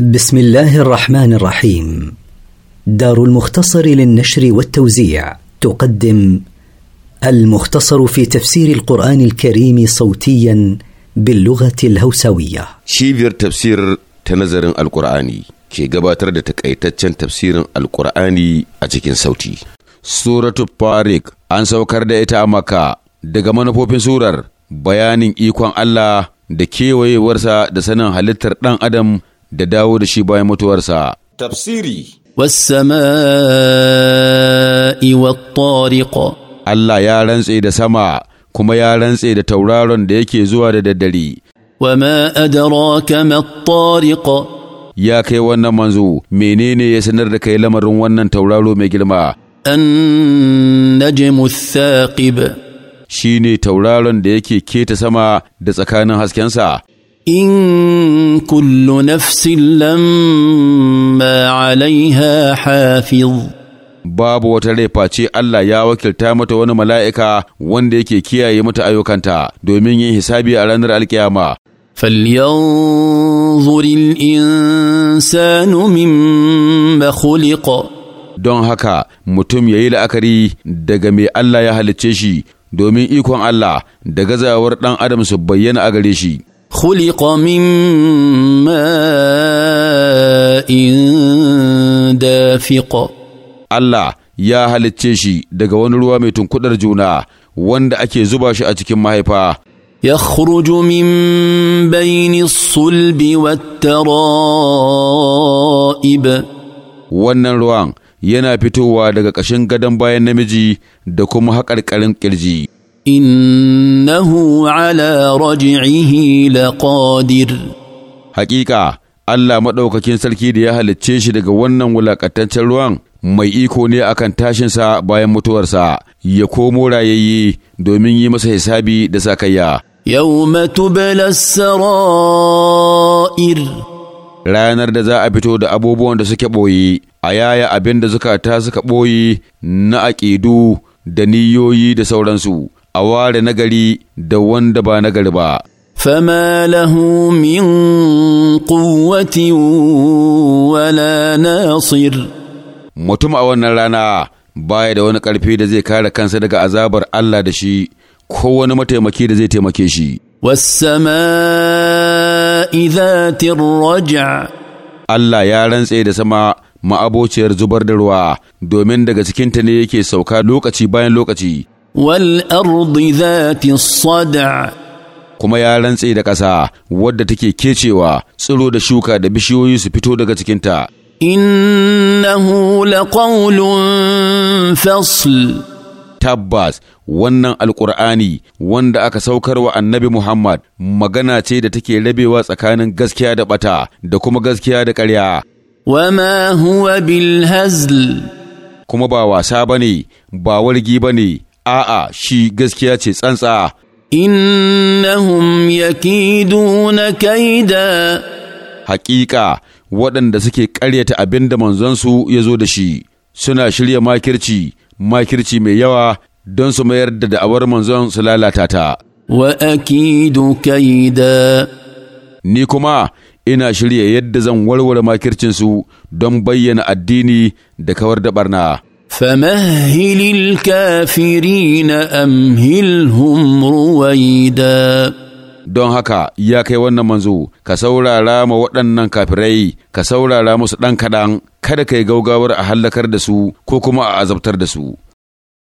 بسم الله الرحمن الرحيم دار المختصر للنشر والتوزيع تقدم المختصر في تفسير القرآن الكريم صوتيا باللغة الهوسوية شيفير تفسير تنظر القرآني كي قباتر تكأيتتشن تفسير القرآني أتكين صوتي سورة الطارق أن سوكر دائتا أمكا دقمان فوبين سورة بيان إيقوان الله دكيوي ورسا دسنان sanin halittar ɗan da dawo da shi bayan mutuwarsa. Tafsiri Wassama'i wa Allah ya rantse da sama kuma ya rantse da tauraron da yake zuwa da daddare. Wa ma adraka Ya kai wannan manzo menene ya sanar da kai lamarin wannan tauraro mai girma? An-najmu thaqib Shi ne tauraron da yake keta sama da tsakanin haskensa. ان كل نفس لما عليها حافظ babu wata rai face Allah ya wakilta mata wani mala'ika wanda yake kiyaye mata ayyukanta domin yin hisabi a ranar alkiyama. فلينظر الإنسان مما خلق don haka mutum ya yi la'akari daga mai Allah ya halicce shi domin ikon Allah da gazawar ɗan Adam su bayyana a gare shi. خلق من ماء دافق الله ya halicce shi daga wani ruwa mai tunkudar juna wanda ake zuba shi a cikin mahaifa. Ya min baini sulbi wattara'ib. Wannan ruwan yana fitowa daga ƙashin gadon bayan namiji da kuma haƙarƙarin ƙirji. innahu ala raji'ihi laqadir Haƙiƙa, Allah maɗaukakin sarki da ya halicce shi daga wannan wulakantaccen ruwan mai iko ne akan tashinsa bayan mutuwarsa ya komo rayayye domin yi masa hisabi da sakayya. Yawma tubla sara'ir Ranar da za a fito da abubuwan da suke ɓoye, a yaya abin da zukata suka ɓoye na aƙidu da niyoyi da sauransu. a ware nagari da wanda ba nagari ba. فما lahu min قوة wala ناصر mutum a wannan rana baya da wani ƙarfi da zai kare kansa daga azabar Allah da shi ko wani mataimaki da zai taimake shi. Wassama'i zatin raja Allah ya rantse da sama ma'abociyar zubar da ruwa domin daga cikinta ne yake sauka lokaci bayan lokaci. والأرض ذات الصدع kuma ya rantse da ƙasa wadda take kecewa tsiro da shuka da bishiyoyi su fito daga cikinta. Innahu laqawlun fasl Tabbas wannan alƙur'ani wanda aka saukar wa annabi Muhammad magana ce da take rabewa tsakanin gaskiya da ɓata da kuma gaskiya da ƙarya. Wama huwa bil hazl Kuma ba wasa ba ne, ba wargi ba ne, a'a shi gaskiya ce tsantsa innahum na kaida haƙiƙa waɗanda suke ƙaryata abin da manzonsu ya zo da shi suna shirya makirci makirci mai yawa don su mayar da da'awar manzon su lalata ta wa akidu kaida ni kuma ina shirya yadda zan warware makircinsu don bayyana addini da kawar da barna فمهل الكافرين أمهلهم رويداً don haka ya kai wannan manzo ka saurara ma waɗannan kafirai ka saurara musu ɗan kaɗan kada ka yi gaugawar a hallakar da su ko kuma a azabtar da su